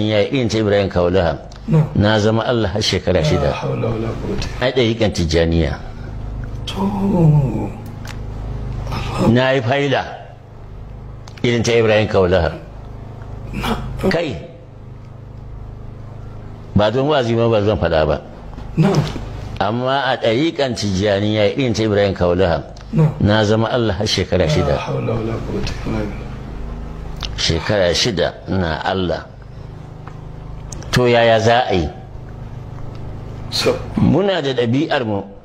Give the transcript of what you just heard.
ya irin ta ibrahim kaulaha na zama allah har shekara shida a ɗariƙan tijjaniya na yi faila irin ta ibrahim kaulaha kai ba don wazi ma ba zan faɗa ba amma a ɗariƙan tijjaniya irin ta ibrahim kaulaha na zama allah har shekara shida shekara shida na allah to yaya za a yi muna da ɗabi'ar mu